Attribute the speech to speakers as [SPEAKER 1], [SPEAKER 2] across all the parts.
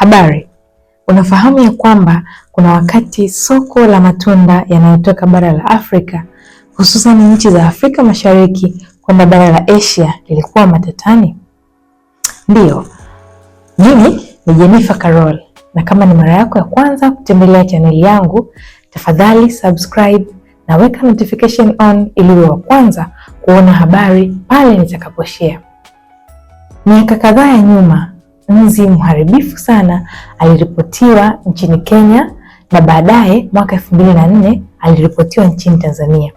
[SPEAKER 1] Habari, unafahamu ya kwamba kuna wakati soko la matunda yanayotoka bara la Afrika hususan nchi za Afrika Mashariki kwenda bara la Asia lilikuwa matatani? Ndiyo, mimi ni Jenifer Carol, na kama ni mara yako ya kwanza kutembelea chaneli yangu, tafadhali subscribe na weka notification on ili uwe wa kwanza kuona habari pale nitakaposhare. Miaka kadhaa ya nyuma mzi mharibifu sana aliripotiwa nchini Kenya na baadaye mwaka elfu mbili na nne aliripotiwa nchini Tanzania.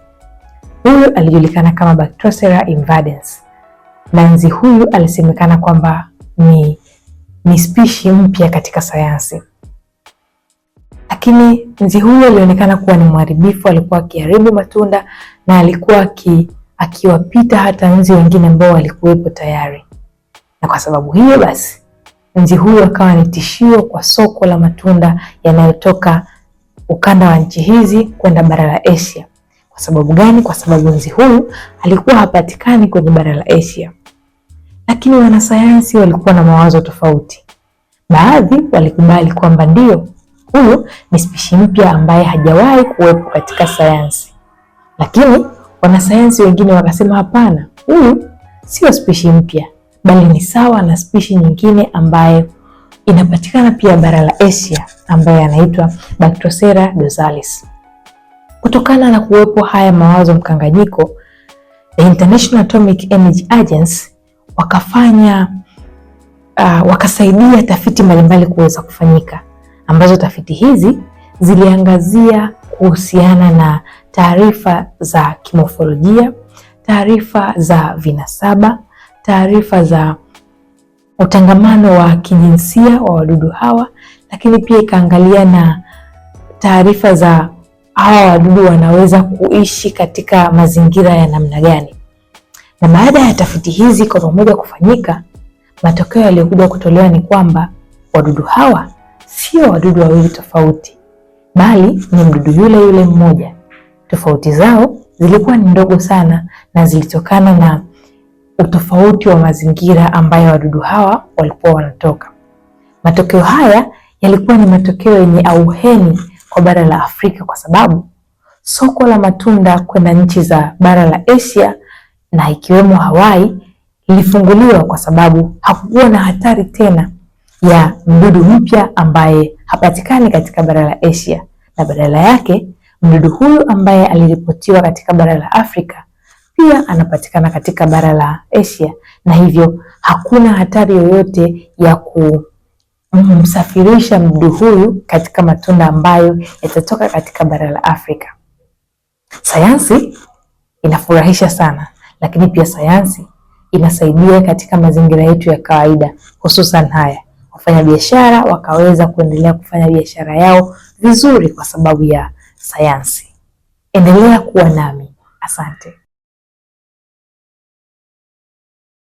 [SPEAKER 1] Huyu alijulikana kama Bactrocera invadens, na nzi huyu alisemekana kwamba ni, ni spishi mpya katika sayansi, lakini nzi huyu alionekana kuwa ni mharibifu. Alikuwa akiharibu matunda na alikuwa akiwapita hata nzi wengine ambao walikuwepo tayari, na kwa sababu hiyo basi Nzi huyu akawa ni tishio kwa soko la matunda yanayotoka ukanda wa nchi hizi kwenda bara la Asia. Kwa sababu gani? Kwa sababu nzi huyu alikuwa hapatikani kwenye bara la Asia. Lakini wanasayansi walikuwa na mawazo tofauti. Baadhi walikubali kwamba ndio, huyu ni spishi mpya ambaye hajawahi kuwepo katika sayansi, lakini wanasayansi wengine wakasema hapana, huyu sio spishi mpya, bali ni sawa na spishi nyingine ambayo inapatikana pia bara la Asia ambayo anaitwa Bactrocera dorsalis. Kutokana na kuwepo haya mawazo mkanganyiko, the International Atomic Energy Agency wakafanya uh, wakasaidia tafiti mbalimbali kuweza kufanyika, ambazo tafiti hizi ziliangazia kuhusiana na taarifa za kimofolojia, taarifa za vinasaba taarifa za utangamano wa kijinsia wa wadudu hawa, lakini pia ikaangalia na taarifa za hawa wadudu wanaweza kuishi katika mazingira ya namna gani. Na baada ya tafiti hizi kwa pamoja kufanyika, matokeo yaliyokuja kutolewa ni kwamba wadudu hawa sio wadudu wawili tofauti, bali ni mdudu yule yule mmoja. Tofauti zao zilikuwa ni ndogo sana na zilitokana na utofauti wa mazingira ambayo wadudu hawa walikuwa wanatoka. Matokeo haya yalikuwa ni matokeo yenye auheni kwa bara la Afrika kwa sababu soko la matunda kwenda nchi za bara la Asia na ikiwemo Hawaii lilifunguliwa kwa sababu hakukuwa na hatari tena ya mdudu mpya ambaye hapatikani katika bara la Asia, na badala yake mdudu huyu ambaye aliripotiwa katika bara la Afrika pia anapatikana katika bara la Asia na hivyo hakuna hatari yoyote ya kumsafirisha mdudu huyu katika matunda ambayo yatatoka katika bara la Afrika. Sayansi inafurahisha sana, lakini pia sayansi inasaidia katika mazingira yetu ya kawaida, hususan haya wafanyabiashara wakaweza kuendelea kufanya biashara yao vizuri kwa sababu ya sayansi. Endelea kuwa nami, asante.